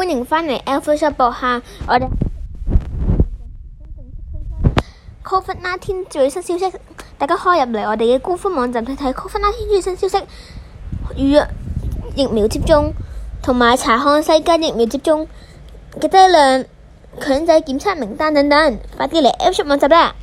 歡迎翻嚟 a l p h a b 我哋 c o v i 最新消息，大家以入嚟我哋嘅官方網站睇睇 c o r o n a v i 最新消息。預約疫苗接種，同埋查看世界疫苗接種嘅劑量、強制檢測名單等等。快啲嚟 Alphabet 站啦！